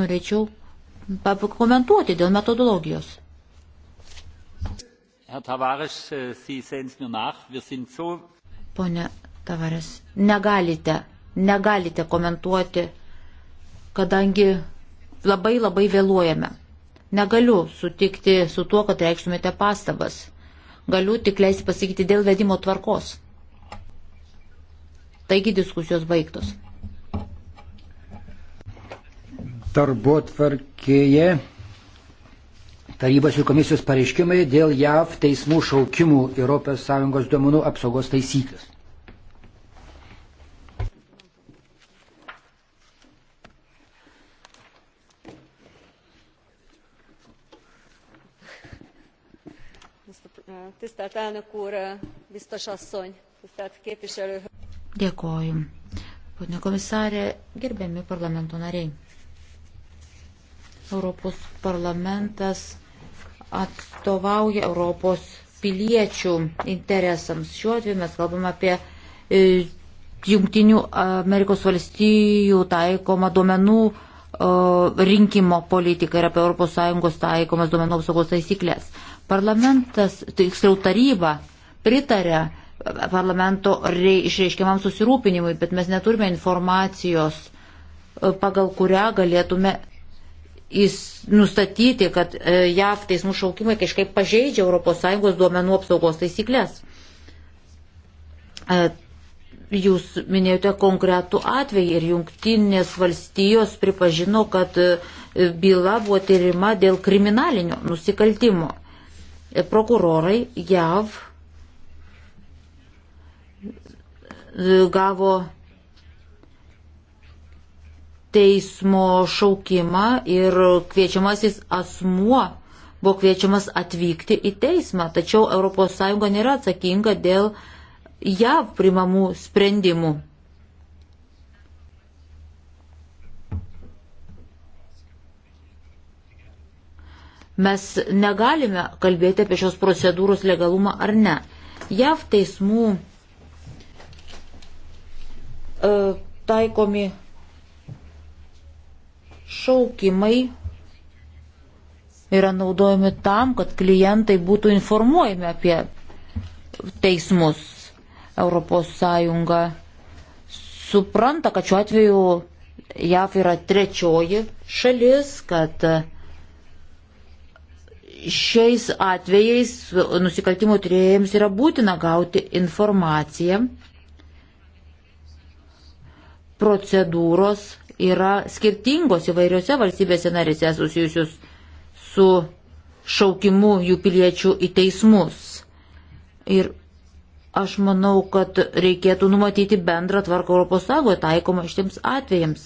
Norėčiau pakomentuoti dėl metodologijos. Äh, Pone Tavares, negalite, negalite komentuoti, kadangi labai labai vėluojame. Negaliu sutikti su tuo, kad reikštumėte pastabas. Galiu tik leisti pasakyti dėl vedimo tvarkos. Taigi diskusijos baigtos darbo tvarkėje tarybos ir komisijos pareiškimai dėl JAV teismų šaukimų ES duomenų apsaugos taisyklės. Tisztelt elnök úr, biztos asszony, tisztelt képviselő. Dėkoju. Pone komisarė, gerbiami parlamento nariai. Europos parlamentas atstovauja Europos piliečių interesams. Šiuo atveju mes kalbame apie e, Junktinių Amerikos valstijų taikomą duomenų e, rinkimo politiką ir apie ES taikomas duomenų apsaugos taisyklės. Parlamentas, tiksliau taryba, pritarė parlamento rei, išreiškiamam susirūpinimui, bet mes neturime informacijos, e, pagal kurią galėtume nustatyti, kad e, JAV teismų šaukimai kažkaip pažeidžia ES duomenų apsaugos taisyklės. E, jūs minėjote konkretų atvejį ir jungtinės valstijos pripažino, kad e, byla buvo tyrima dėl kriminalinio nusikaltimo. Prokurorai JAV gavo teismo šaukimą ir kviečiamasis asmuo buvo kviečiamas atvykti į teismą, tačiau ES nėra atsakinga dėl JAV primamų sprendimų. Mes negalime kalbėti apie šios procedūros legalumą ar ne. JAV teismų e, taikomi Šaukimai yra naudojami tam, kad klientai būtų informuojami apie teismus. ES supranta, kad šiuo atveju JAV yra trečioji šalis, kad šiais atvejais nusikaltimo turėjams yra būtina gauti informaciją, procedūros yra skirtingos įvairiose valstybėse narėse susijusius su šaukimu jų piliečių į teismus. Ir aš manau, kad reikėtų numatyti bendrą tvarką Europos Sąjungoje taikomą šitiems atvejams.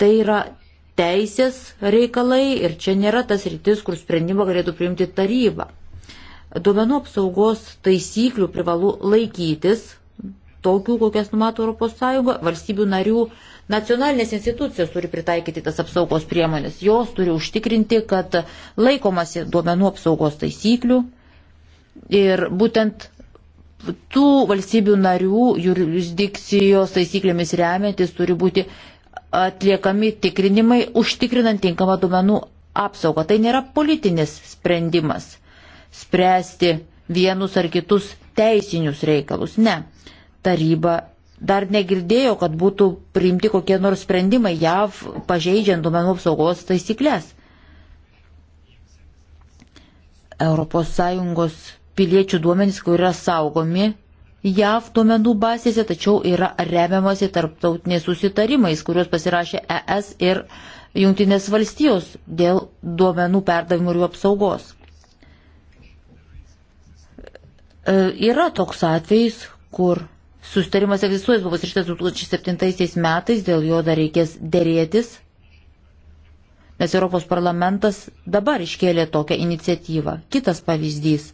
Tai yra teisės reikalai ir čia nėra tas rytis, kur sprendimą galėtų priimti taryba. Duomenų apsaugos taisyklių privalu laikytis, tokių, kokias numato ES, valstybių narių nacionalinės institucijos turi pritaikyti tas apsaugos priemonės. Jos turi užtikrinti, kad laikomasi duomenų apsaugos taisyklių ir būtent tų valstybių narių jurisdikcijos taisyklėmis remiantis turi būti atliekami tikrinimai, užtikrinant tinkamą duomenų apsaugą. Tai nėra politinis sprendimas spręsti vienus ar kitus teisinius reikalus. Ne taryba dar negirdėjo, kad būtų priimti kokie nors sprendimai JAV pažeidžiant duomenų apsaugos taisyklės. ES piliečių duomenys, kur yra saugomi JAV duomenų bazėse, tačiau yra remiamasi tarptautiniais susitarimais, kuriuos pasirašė ES ir Junktinės valstijos dėl duomenų perdavimų ir jų apsaugos. E, yra toks atvejis, kur Sustarimas egzistuoja, buvo ištas 2007 metais, dėl jo dar reikės dėrėtis, nes Europos parlamentas dabar iškėlė tokią iniciatyvą. Kitas pavyzdys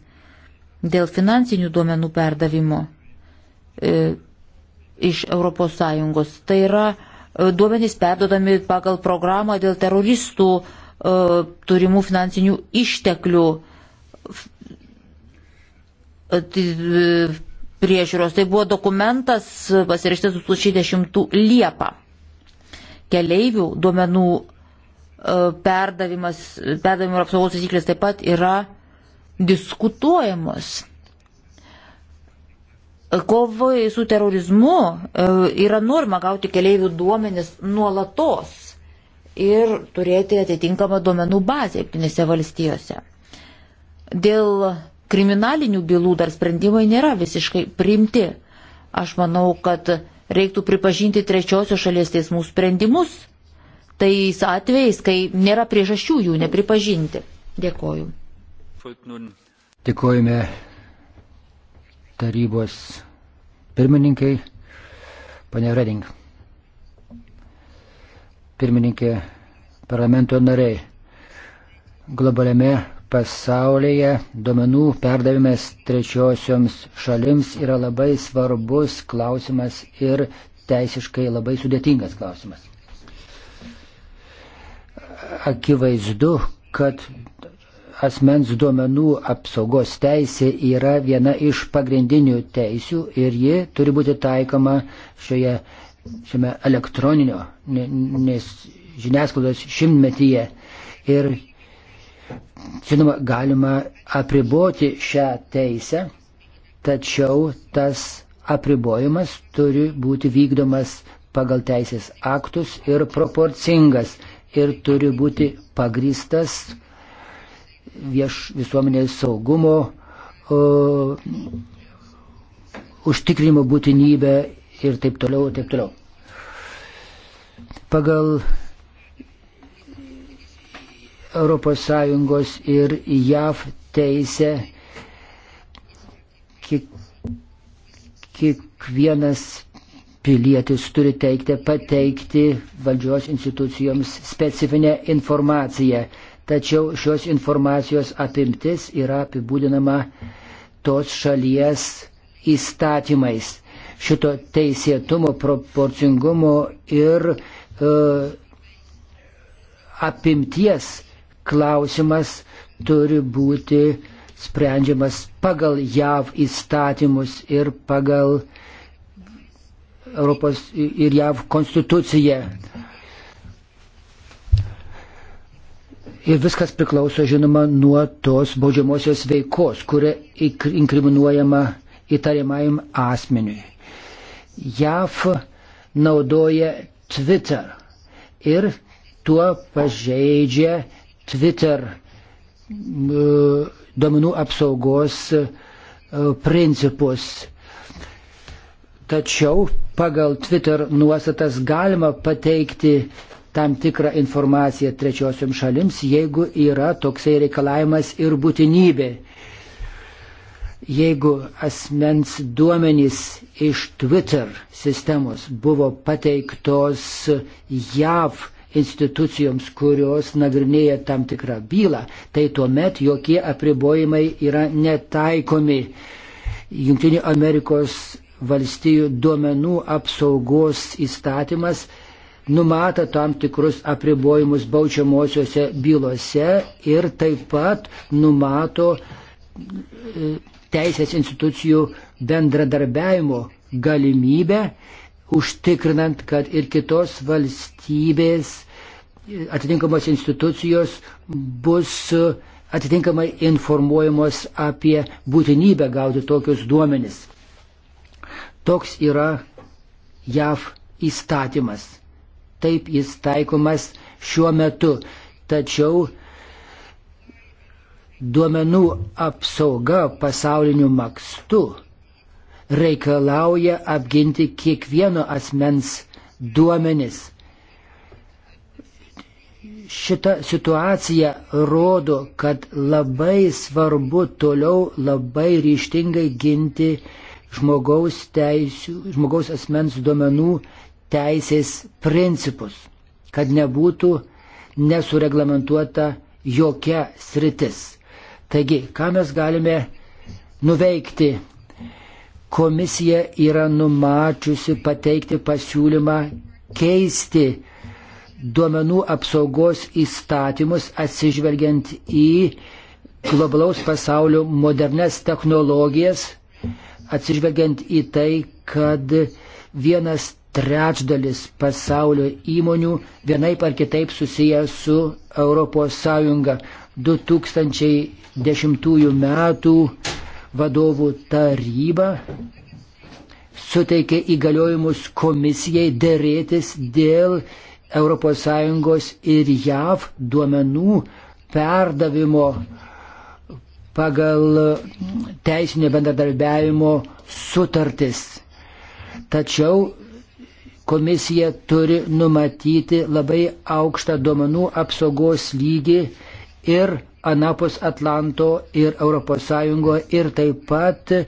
- dėl finansinių duomenų perdavimo e, iš ES. Tai yra e, duomenys perdodami pagal programą dėl teroristų e, turimų finansinių išteklių. E, priežiūros. Tai buvo dokumentas pasirašytas 2010 Liepą. Keleivių duomenų e, perdavimas, perdavimo ir apsaugos taisyklės taip pat yra diskutuojamos. Kovai su terorizmu e, yra norma gauti keleivių duomenis nuolatos ir turėti atitinkamą duomenų bazę jungtinėse valstijose. Dėl kriminalinių bylų dar sprendimai nėra visiškai primti. Aš manau, kad reiktų pripažinti trečiosios šalies teismų sprendimus tais atvejais, kai nėra priežasčių jų nepripažinti. Dėkoju. Dėkojame tarybos pirmininkai, pane Reding. Pirmininkė, parlamento nariai, globaliame pasaulyje duomenų perdavimas trečiosioms šalims yra labai svarbus klausimas ir teisiškai labai sudėtingas klausimas. Akivaizdu, kad asmens duomenų apsaugos teisė yra viena iš pagrindinių teisių ir ji turi būti taikoma šioje, šiame elektroninio nes žiniasklaidos šimtmetyje. Ir Žinoma, galima apriboti šią teisę, tačiau tas apribojimas turi būti vykdomas pagal teisės aktus ir proporcingas ir turi būti pagristas vieš, visuomenės saugumo o, užtikrinimo būtinybę ir taip toliau, taip toliau. Pagal ES ir JAV teisę kiekvienas pilietis turi teikti, pateikti valdžios institucijoms specifinę informaciją. Tačiau šios informacijos apimtis yra apibūdinama tos šalies įstatymais. Šito teisėtumo, proporcingumo ir e, apimties klausimas turi būti sprendžiamas pagal JAV įstatymus ir pagal Europos ir JAV konstituciją. Ir viskas priklauso, žinoma, nuo tos baudžiamosios veikos, kuria inkriminuojama įtariamajam asmeniui. JAV naudoja Twitter ir tuo pažeidžia Twitter e, duomenų apsaugos e, principus. Tačiau pagal Twitter nuostatas galima pateikti tam tikrą informaciją trečiosiom šalims, jeigu yra toksai reikalavimas ir būtinybė. Jeigu asmens duomenys iš Twitter sistemos buvo pateiktos JAV institucijoms, kurios nagrinėja tam tikrą bylą, tai tuomet jokie apribojimai yra netaikomi. Junktinė Amerikos valstijų duomenų apsaugos įstatymas numato tam tikrus apribojimus baudžiamosiose bylose ir taip pat numato e, teisės institucijų bendradarbiavimo galimybę, užtikrinant, kad ir kitos valstybės atitinkamos institucijos bus e, atitinkamai informuojamos apie būtinybę gauti tokius duomenis. Toks yra JAV įstatymas. Taip jis taikomas šiuo metu. Tačiau duomenų apsauga pasauliniu makstu reikalauja apginti kiekvieno asmens duomenis šita situacija rodo, kad labai svarbu toliau labai ryštingai ginti žmogaus, teisių, žmogaus asmens duomenų teisės principus, kad nebūtų nesureglamentuota jokia sritis. Taigi, ką mes galime nuveikti? Komisija yra numačiusi pateikti pasiūlymą keisti duomenų apsaugos įstatymus atsižvelgiant į globalaus pasaulio modernes technologijas, atsižvelgiant į tai, kad vienas trečdalis pasaulio įmonių vienaip ar kitaip susiję su ES. 2010 m. vadovų taryba suteikė įgaliojimus komisijai dėrėtis dėl ES ir JAV duomenų perdavimo pagal teisinio bendradarbiavimo sutartis. Tačiau komisija turi numatyti labai aukštą duomenų apsaugos lygį ir anapus Atlanto ir ES ir taip pat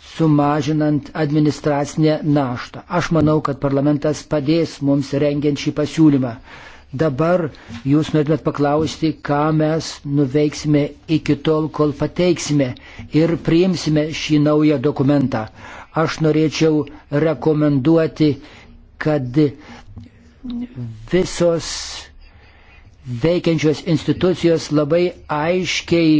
sumažinant administracinę naštą. Aš manau, kad parlamentas padės mums rengiant šį pasiūlymą. Dabar jūs norėtumėt paklausti, ką mes nuveiksime iki tol, kol pateiksime ir priimsime šį naują dokumentą. Aš norėčiau rekomenduoti, kad visos veikiančios institucijos labai aiškiai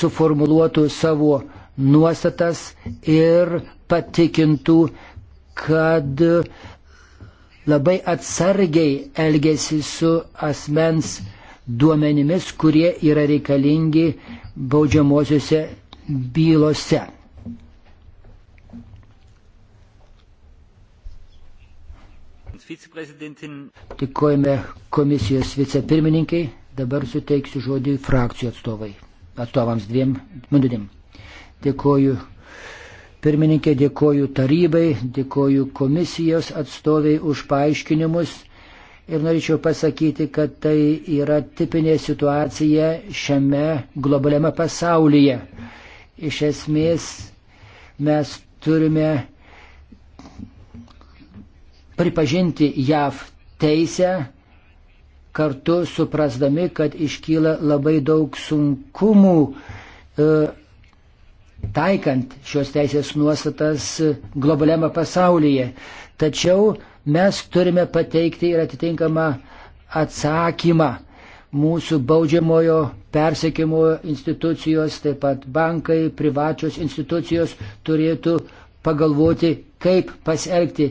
suformuluotų savo nuostatas ir patikintų, kad labai atsargiai elgesi su asmens duomenimis, kurie yra reikalingi baudžiamosiuose bylose. Tikojame komisijos vicepirmininkai, dabar suteiksiu žodį frakcijų atstovai, atstovams dviem minutėm. Dėkoju pirmininkė, dėkoju tarybai, dėkoju komisijos atstoviai už paaiškinimus. Ir norėčiau pasakyti, kad tai yra tipinė situacija šiame globaliame pasaulyje. Iš esmės mes turime pripažinti JAV teisę, kartu suprasdami, kad iškyla labai daug sunkumų e, taikant šios teisės nuostatas globaliame pasaulyje. Tačiau mes turime pateikti ir atitinkamą atsakymą. Mūsų baudžiamojo persekimo institucijos, taip pat bankai, privačios institucijos turėtų pagalvoti, kaip pasielgti.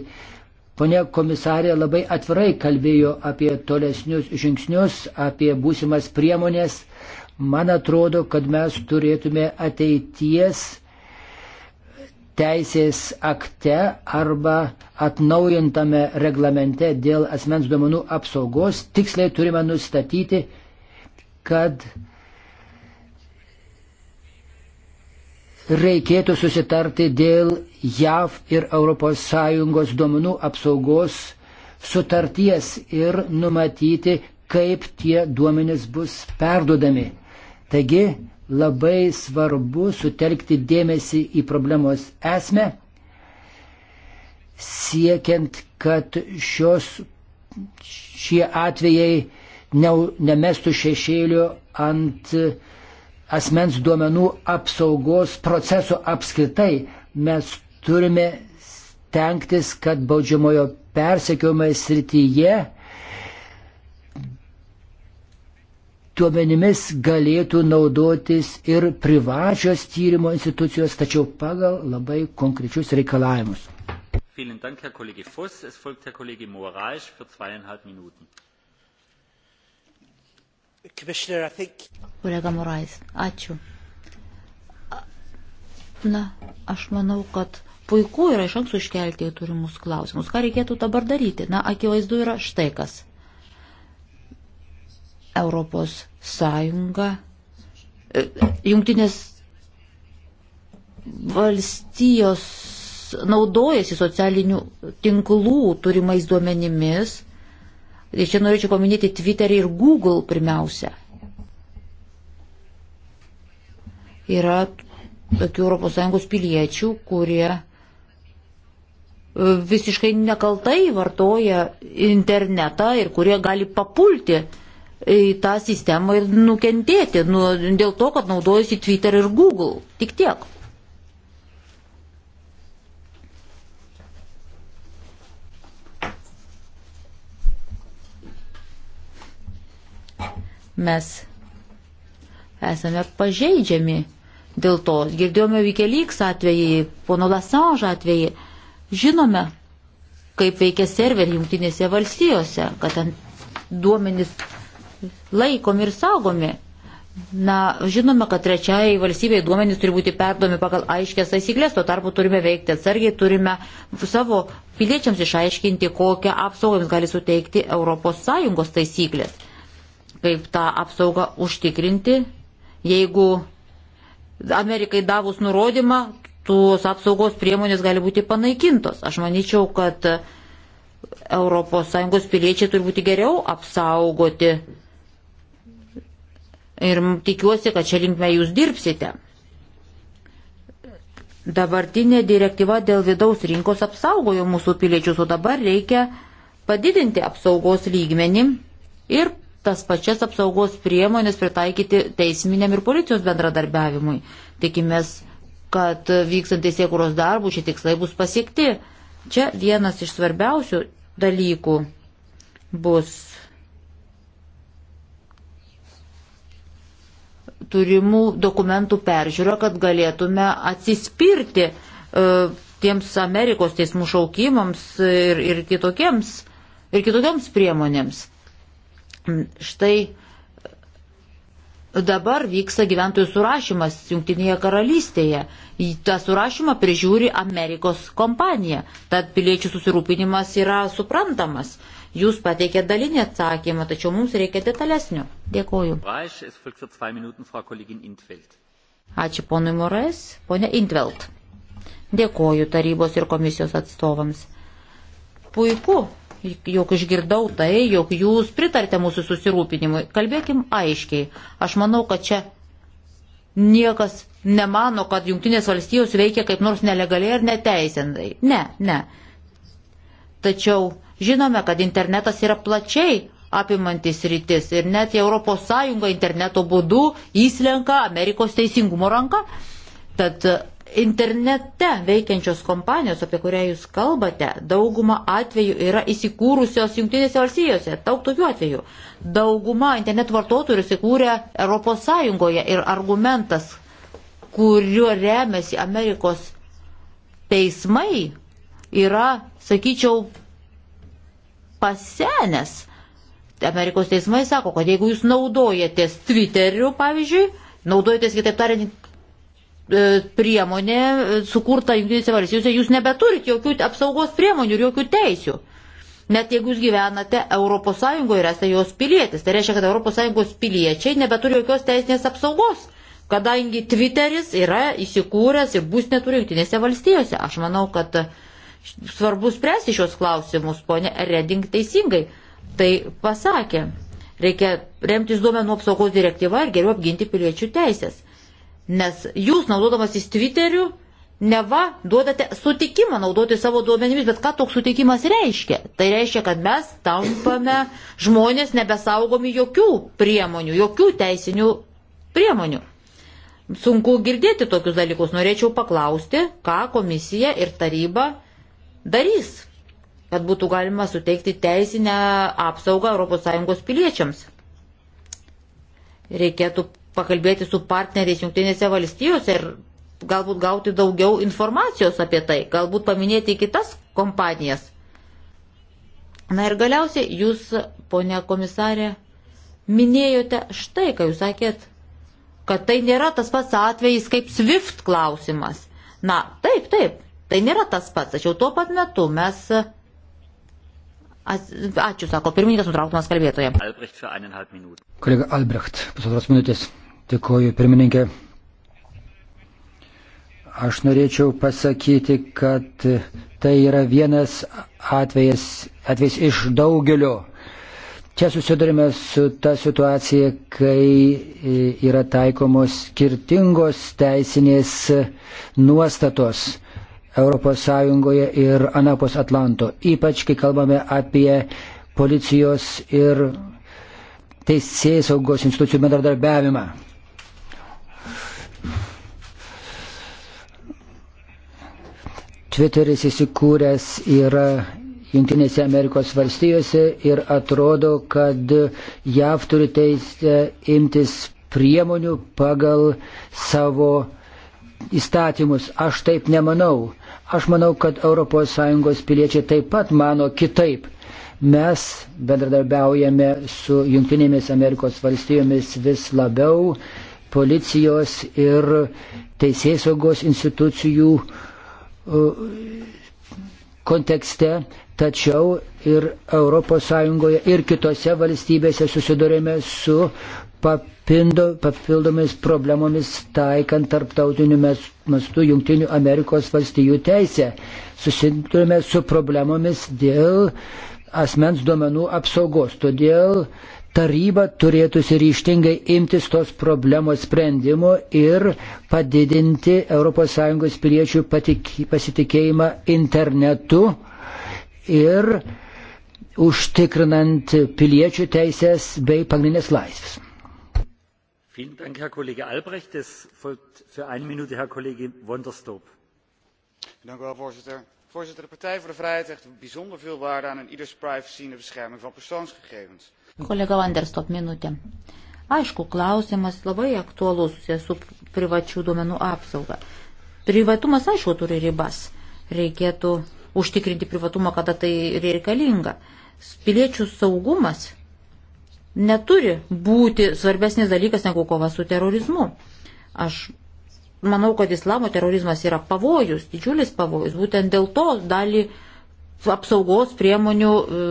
Pone komisarė labai atvirai kalbėjo apie tolesnius žingsnius, apie būsimas priemonės. Man atrodo, kad mes turėtume ateities teisės akte arba atnaujintame reglamente dėl asmens duomenų apsaugos tiksliai turime nustatyti, kad reikėtų susitarti dėl JAV ir ES duomenų apsaugos sutarties ir numatyti, kaip tie duomenys bus perdodami. Taigi labai svarbu sutelkti dėmesį į problemos esmę, siekiant, kad šios, šie atvejai ne, nemestų šešėlių ant asmens duomenų apsaugos proceso apskritai. Mes turime stengtis, kad baudžiamojo persekiojimo srityje duomenimis galėtų naudotis ir privačios tyrimo institucijos, tačiau pagal labai konkrečius reikalavimus. Dank, Fuss, Moraes, think... Kolega Morais, ačiū. Na, aš manau, kad puiku yra iš anksto iškelti turimus klausimus. Ką reikėtų dabar daryti? Na, akivaizdu yra štai kas Europos Sąjunga, e, jungtinės valstijos naudojasi socialinių tinklų turimais duomenimis. Ir čia norėčiau paminėti Twitterį ir Google pirmiausia. Yra tokių ES piliečių, kurie e, visiškai nekaltai vartoja internetą ir kurie gali papulti į tą sistemą ir nukentėti nu, dėl to, kad naudojasi Twitter ir Google. Tik tiek. Mes esame pažeidžiami dėl to. Girdėjome Vikelyks atvejį, pono Lasange atvejį. Žinome, kaip veikia serveriai jungtinėse valstijose, kad ten duomenys laikomi ir saugomi. Na, žinome, kad trečiai valstybei duomenys turi būti perdomi pagal aiškės taisyklės, tuo tarpu turime veikti atsargiai, turime savo piliečiams išaiškinti, kokią apsaugą jums gali suteikti ES taisyklės. Kaip tą apsaugą užtikrinti, jeigu Amerikai davus nurodymą, tos apsaugos priemonės gali būti panaikintos. Aš manyčiau, kad ES piliečiai turi būti geriau apsaugoti ir tikiuosi, kad čia linkme jūs dirbsite. Dabartinė direktyva dėl vidaus rinkos apsaugojo mūsų piliečius, o dabar reikia padidinti apsaugos lygmenį ir tas pačias apsaugos priemonės pritaikyti teisminiam ir policijos bendradarbiavimui. Tikimės, kad vykstant teisėkuros darbų šie tikslai bus pasiekti. Čia vienas iš svarbiausių dalykų bus turimų dokumentų peržiūrą, kad galėtume atsispirti e, tiems Amerikos teismų šaukimams ir, ir, kitokiems, ir kitokiams priemonėms. Štai dabar vyksta gyventojų surašymas Junktinėje karalystėje. Į tą surašymą prižiūri Amerikos kompanija. Tad piliečių susirūpinimas yra suprantamas. Jūs pateikė dalinį atsakymą, tačiau mums reikia detalesnio. Dėkoju. Ačiū ponui Morais, ponė Intvelt. Dėkoju tarybos ir komisijos atstovams. Puiku, jog išgirdau tai, jog jūs pritartė mūsų susirūpinimui. Kalbėkim aiškiai. Aš manau, kad čia niekas nemano, kad Junktinės valstijos veikia kaip nors nelegaliai ar neteisintai. Ne, ne. Tačiau Žinome, kad internetas yra plačiai apimantis rytis ir net ES interneto būdu įslenka Amerikos teisingumo ranka. Tad e, internete veikiančios kompanijos, apie kurią jūs kalbate, dauguma atvejų yra įsikūrusios Junktinėse valstijose, daug tokių atvejų. Dauguma interneto vartotojų įsikūrė ES ir argumentas, kuriuo remiasi Amerikos teismai, yra, sakyčiau, pasenęs. Amerikos teismai sako, kad jeigu jūs naudojatės Twitteriu, pavyzdžiui, naudojatės, kitaip tariant, e, priemonė e, sukurta Junktinėse valstijose, jūs nebeturit jokių apsaugos priemonių ir jokių teisių. Net jeigu jūs gyvenate ES ir esate jos pilietis, tai reiškia, kad ES piliečiai nebeturi jokios teisinės apsaugos, kadangi Twitteris yra įsikūręs ir bus neturi Junktinėse valstijose. Aš manau, kad uh, svarbu spręsti šios klausimus, ponė Reding teisingai tai pasakė. Reikia remtis duomenų apsaugos direktyva ir geriau apginti piliečių teisės. Nes jūs, naudodamasis Twitteriu, neva duodate sutikimą naudoti savo duomenimis, bet ką toks sutikimas reiškia? Tai reiškia, kad mes tampame žmonės nebesaugomi jokių priemonių, jokių teisinių priemonių. Sunku girdėti tokius dalykus. Norėčiau paklausti, ką komisija ir taryba darys, kad būtų galima suteikti teisinę apsaugą ES piliečiams. Reikėtų pakalbėti su partneriais Junktinėse valstijose ir galbūt gauti daugiau informacijos apie tai, galbūt paminėti kitas kompanijas. Na ir galiausiai jūs, ponia komisarė, minėjote štai, ką jūs sakėt, kad tai nėra tas pats atvejis kaip SWIFT klausimas. Na, taip, taip, Tai nėra tas pats, tačiau tuo pat metu mes. Ačiū, sako pirmininkas, nutraukdamas kalbėtoje. Kolega Albrecht, pusantros minutės. Dėkuoju, pirmininkė. Aš norėčiau pasakyti, kad tai yra vienas atvejas, atvejas iš daugelio. Čia susidurime su ta situacija, kai e, yra taikomos skirtingos teisinės nuostatos ES ir Anapos Atlanto, ypač kai kalbame apie policijos ir teisėjai saugos institucijų bendradarbiavimą. Twitteris įsikūręs yra Junktinėse Amerikos valstijose ir atrodo, kad JAV turi teisę imtis priemonių pagal savo įstatymus. Aš taip nemanau. Aš manau, kad ES piliečiai taip pat mano kitaip. Mes bendradarbiaujame su Junktinėmis Amerikos valstijomis vis labiau policijos ir teisėsaugos institucijų uh, kontekste, tačiau ir ES ir kitose valstybėse susidurėme su papindo, papildomis problemomis taikant tarptautiniu mastu Junktinių Amerikos valstijų teisę. Susidurime su problemomis dėl asmens duomenų apsaugos. Todėl taryba turėtų ryštingai imtis tos problemos sprendimo ir padidinti ES piliečių pasitikėjimą internetu ir užtikrinant piliečių teisės bei pagrindinės laisvės. Dank, herr kollege albrecht es volgt voor één minuut herr kollege wondersdorp. voorzitter de partij voor de vrijheid hecht bijzonder veel waarde aan ieders privacy en de bescherming van persoonsgegevens. kolega wondersdorp minutė. Aišku, klausimas labai aktuolus susijęs su privačių duomenų apsauga. Privatumas, aišku, turi ribas. Reikėtų užtikrinti privatumą, kada tai reikalinga. Piliečių saugumas neturi būti svarbesnis dalykas negu kova su terorizmu. Aš manau, kad islamo terorizmas yra pavojus, didžiulis pavojus. Būtent dėl to dalį apsaugos priemonių e,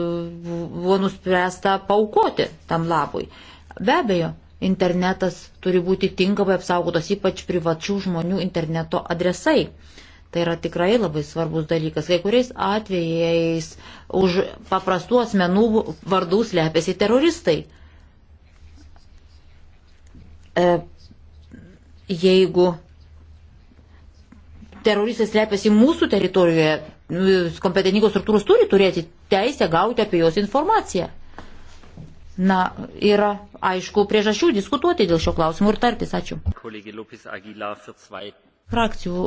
buvo nuspręsta paukoti tam labui. Be abejo, internetas turi būti tinkamai apsaugotas, ypač privačių žmonių interneto adresai. Tai yra tikrai labai svarbus dalykas. Kai kuriais atvejais už paprastų asmenų vardų slepiasi teroristai. E, jeigu teroristas slepiasi mūsų teritorijoje, nu, kompetentingos struktūros turi turėti teisę gauti apie jos informaciją. Na, yra aišku priežasčių diskutuoti dėl šio klausimo ir tartis. Ačiū. Frakcijų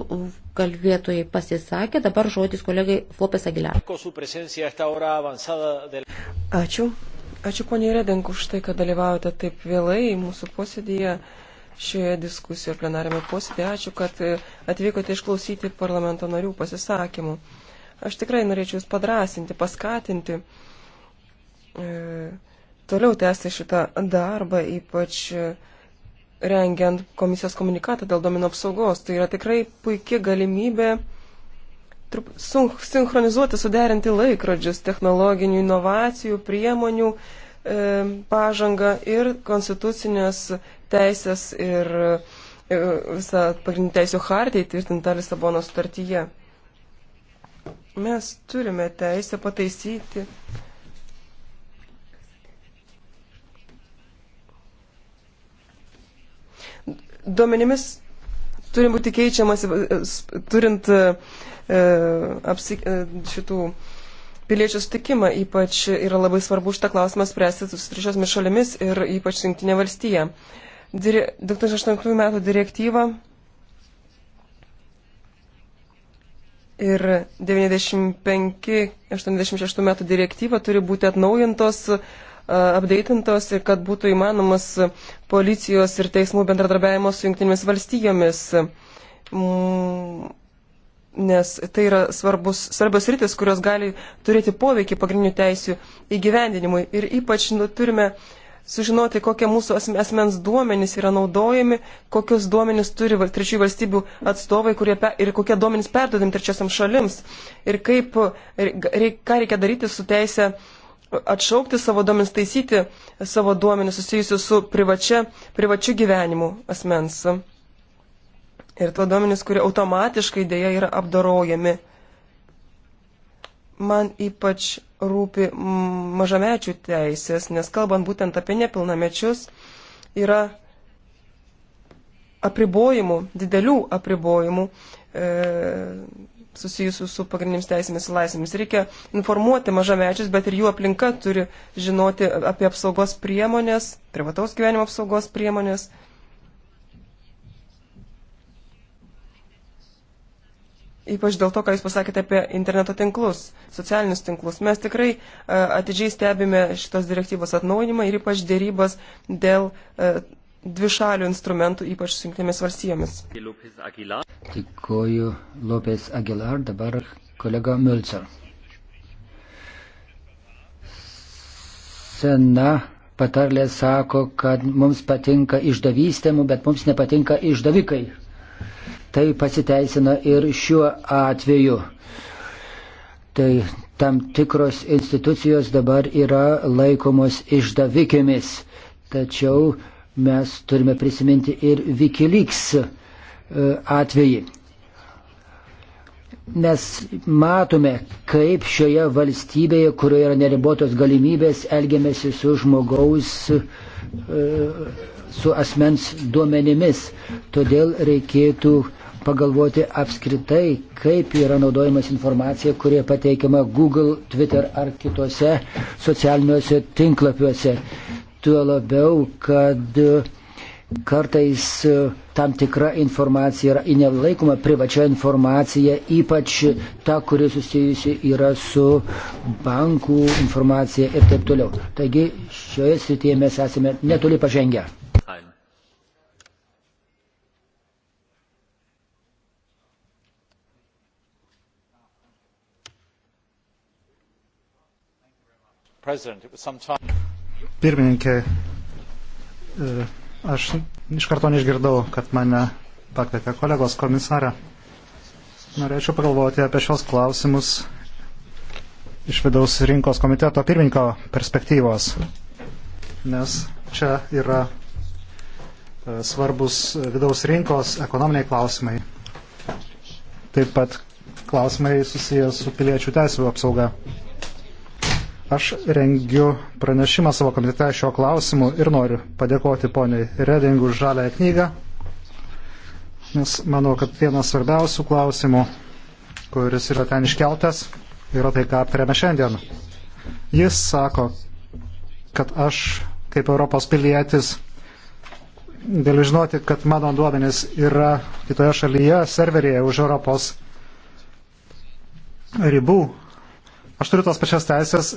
kalbėtojai pasisakė, dabar žodis kolegai Lopes Aguilar. Ačiū. Ačiū ponė Redink už tai, kad dalyvaujate taip vėlai mūsų posėdėje šioje diskusijoje ir plenarėme posėdėje. Ačiū, kad e, atvykote išklausyti parlamento narių pasisakymų. Aš tikrai norėčiau Jūs padrasinti, paskatinti e, toliau tęsti šitą darbą, ypač e, rengiant komisijos komunikatą dėl domino apsaugos. Tai yra tikrai puikia galimybė sinchronizuoti, suderinti laikrodžius, technologinių inovacijų, priemonių e, pažangą ir konstitucinės teisės ir e, visą pagrindinį teisų hartį įtvirtintą Lisabono sutartyje. Mes turime teisę pataisyti. Duomenimis turi būti keičiamas, turint uh, E, apsi, e, šitų piliečių sutikimą. Ypač yra labai svarbu šitą klausimą spręsti su trečiosiomis šalimis ir ypač su Junktinė valstija. 2008 metų direktyva ir 95-86 metų direktyva turi būti atnaujintos, e, apdeitintos ir kad būtų įmanomas policijos ir teismų bendradarbiavimo su jungtinėmis valstijomis. Mm, nes tai yra svarbus, svarbios rytis, kurios gali turėti poveikį pagrindinių teisių įgyvendinimui. Ir ypač nu, turime sužinoti, kokie mūsų asmens duomenys yra naudojami, kokius duomenys turi trečiųjų valstybių atstovai pe, ir kokie duomenys perdodami trečiosiam šalims. Ir kaip, reik, ką reikia daryti su teisė atšaukti savo duomenys, taisyti savo duomenys susijusius su privačia, privačiu gyvenimu asmens. Ir tuo duomenys, kurie automatiškai dėja yra apdorojami. Man ypač rūpi mažamečių teisės, nes kalbant būtent apie nepilnamečius, yra apribojimų, didelių apribojimų e, susijusių su pagrindinėms teisėmis ir laisvėmis. Reikia informuoti mažamečius, bet ir jų aplinka turi žinoti apie apsaugos priemonės, privataus gyvenimo apsaugos priemonės. ypač dėl to, ką Jūs pasakėte apie interneto tinklus, socialinius tinklus. Mes tikrai e, atidžiai stebime šitos direktyvos atnaujinimą ir ypač dėrybas dėl e, dvišalių instrumentų, ypač su jungtinėmis valstijomis. Tikoju Lopės Aguilar, dabar kolega Mülcer. Sena patarlė sako, kad mums patinka išdavystė, bet mums nepatinka išdavikai. Tai pasiteisina ir šiuo atveju. Tai tam tikros institucijos dabar yra laikomos išdavikėmis. Tačiau mes turime prisiminti ir Wikileaks e, atvejį. Mes matome, kaip šioje valstybėje, kurioje yra neribotos galimybės, elgiamėsi su žmogaus, e, su asmens duomenimis. Todėl reikėtų pagalvoti apskritai, kaip yra naudojamas informacija, kurie pateikiama Google, Twitter ar kitose socialiniuose tinklapiuose. Tuo labiau, kad e, kartais e, tam tikra informacija yra nelaikoma privačia informacija, ypač ta, kuri susijusi yra su bankų informacija ir taip toliau. Taigi šioje srityje mes esame netoli pažengę. Time. Pirmininkė, e, aš iš karto neišgirdau, kad mane pakvietė kolegos komisarą. Norėčiau pagalvoti apie šios klausimus iš vidaus rinkos komiteto pirmininko perspektyvos, nes čia yra e, svarbus vidaus rinkos ekonominiai klausimai, taip pat klausimai susijęs su piliečių teisų apsauga. Aš rengiu pranešimą savo komitete šio klausimu ir noriu padėkoti poniai Reding už žalę knygą, nes manau, kad vienas svarbiausių klausimų, kuris yra ten iškeltas, yra tai, ką aptarėme šiandien. Jis sako, kad aš kaip Europos pilietis galiu žinoti, kad mano duomenys yra kitoje šalyje serveryje už Europos ribų Aš turiu tas pačias teisės,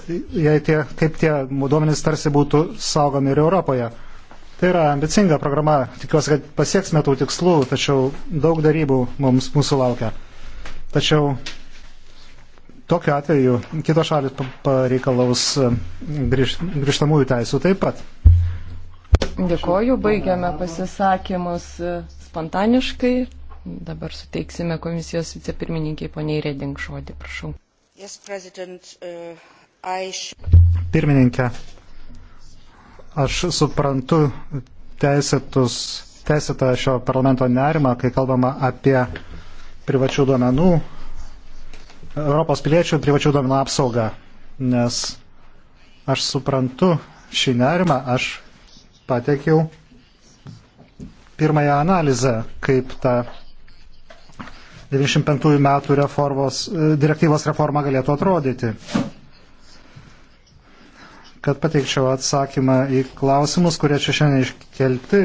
jei tie, kaip tie duomenys tarsi būtų saugomi ir Europoje. Tai yra ambicinga programa, tikiuosi, kad pasieksime tų tikslų, tačiau daug darybų mums mūsų laukia. Tačiau tokiu atveju kitos šalis pareikalaus e, grįž, grįžtamųjų teisų taip pat. Dėkoju, baigiame pasisakymus e, spontaniškai. Dabar suteiksime komisijos vicepirmininkiai poniai Reding žodį, prašau. Yes, uh, I... Pirmininkė, aš suprantu teisėtus, teisėtą šio parlamento nerimą, kai kalbama apie privačių duomenų, Europos piliečių privačių duomenų apsaugą, nes aš suprantu šį nerimą, aš pateikiau pirmąją analizę, kaip tą 95 metų reformos, e, direktyvos reforma galėtų atrodyti. Kad pateikčiau atsakymą į klausimus, kurie čia šiandien iškelti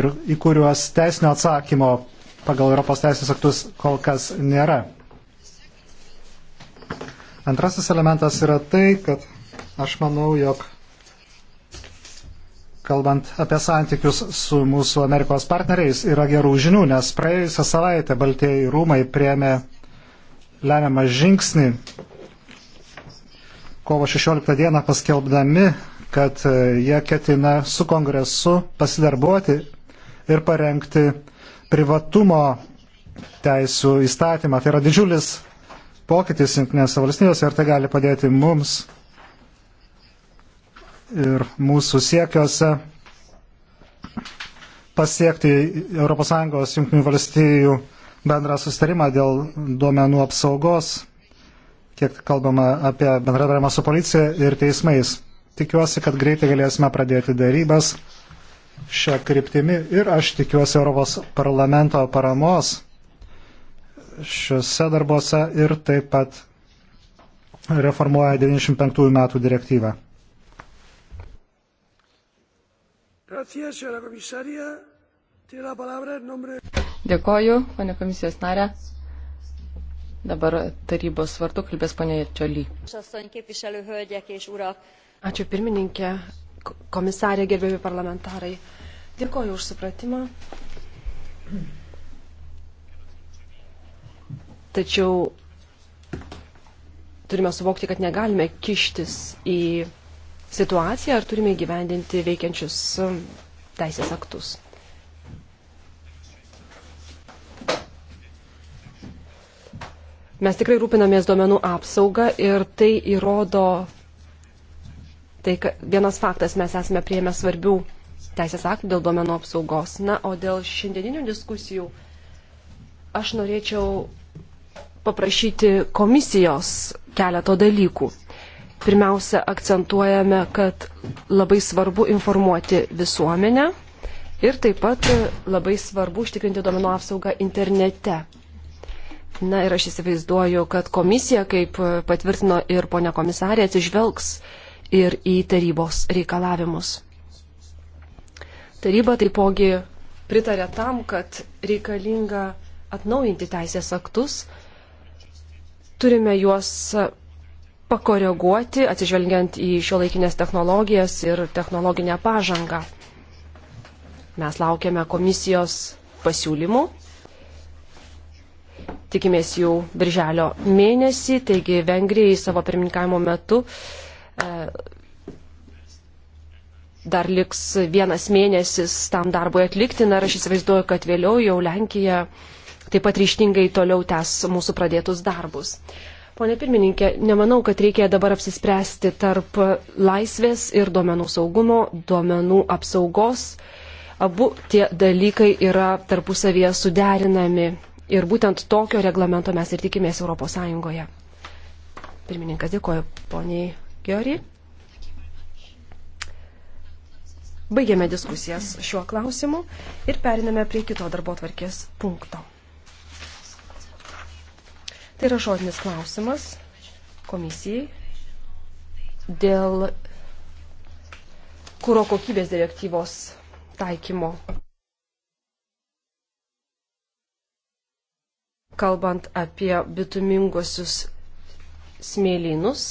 ir į kuriuos teisinio atsakymo pagal Europos teisės aktus kol kas nėra. Antrasis elementas yra tai, kad aš manau, jog kalbant apie santykius su mūsų Amerikos partneriais, yra gerų žinių, nes praėjusią savaitę Baltieji rūmai priemė lemiamą žingsnį kovo 16 dieną paskelbdami, kad e, jie ketina su kongresu pasidarbuoti ir parengti privatumo teisų įstatymą. Tai yra didžiulis pokytis Junktinėse valstybėse ir tai gali padėti mums ir mūsų siekiuose pasiekti ES jungtinių valstybių bendrą sustarimą dėl duomenų apsaugos, kiek kalbama apie bendradarbiavimą su policija ir teismais. Tikiuosi, kad greitai galėsime pradėti darybas šią kryptimį ir aš tikiuosi Europos parlamento paramos šiuose darbuose ir taip pat reformuoja 95 metų direktyvą. Dėkoju, ponė komisijos narė. Dabar tarybos vardu kalbės ponė Čiolį. Ačiū pirmininkė, komisarė, gerbėmi parlamentarai. Dėkoju už supratimą. Tačiau turime suvokti, kad negalime kištis į situaciją, ar turime įgyvendinti veikiančius um, teisės aktus. Mes tikrai rūpinamės duomenų apsaugą ir tai įrodo, tai vienas faktas, mes esame prieėmę svarbių teisės aktų dėl duomenų apsaugos. Na, o dėl šiandieninių diskusijų aš norėčiau paprašyti komisijos keleto dalykų pirmiausia akcentuojame, kad labai svarbu informuoti visuomenę ir taip pat labai svarbu užtikrinti duomenų apsaugą internete. Na ir aš įsivaizduoju, kad komisija, kaip patvirtino ir ponia komisarė, atsižvelgs ir į tarybos reikalavimus. Taryba taipogi pritarė tam, kad reikalinga atnaujinti teisės aktus, turime juos pakoreguoti, atsižvelgiant į šio laikinės technologijas ir technologinę pažangą. Mes laukiame komisijos pasiūlymų. Tikimės jų birželio mėnesį, taigi Vengrijai savo pirmininkavimo metu e, dar liks vienas mėnesis tam darbui atlikti. Na ir aš įsivaizduoju, kad vėliau jau Lenkija taip pat ryštingai toliau tęs mūsų pradėtus darbus. Pone pirmininkė, nemanau, kad reikia dabar apsispręsti tarp laisvės ir duomenų saugumo, duomenų apsaugos. Abu tie dalykai yra tarpusavėje suderinami ir būtent tokio reglamento mes ir tikimės ES. Pirmininkas dėkoju poniai Giori. Baigėme diskusijas šiuo klausimu ir periname prie kito darbo tvarkės punkto. Tai yra žodinis klausimas komisijai dėl kūro kokybės direktyvos taikymo. Kalbant apie bitumingosius smėlynus,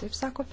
taip sako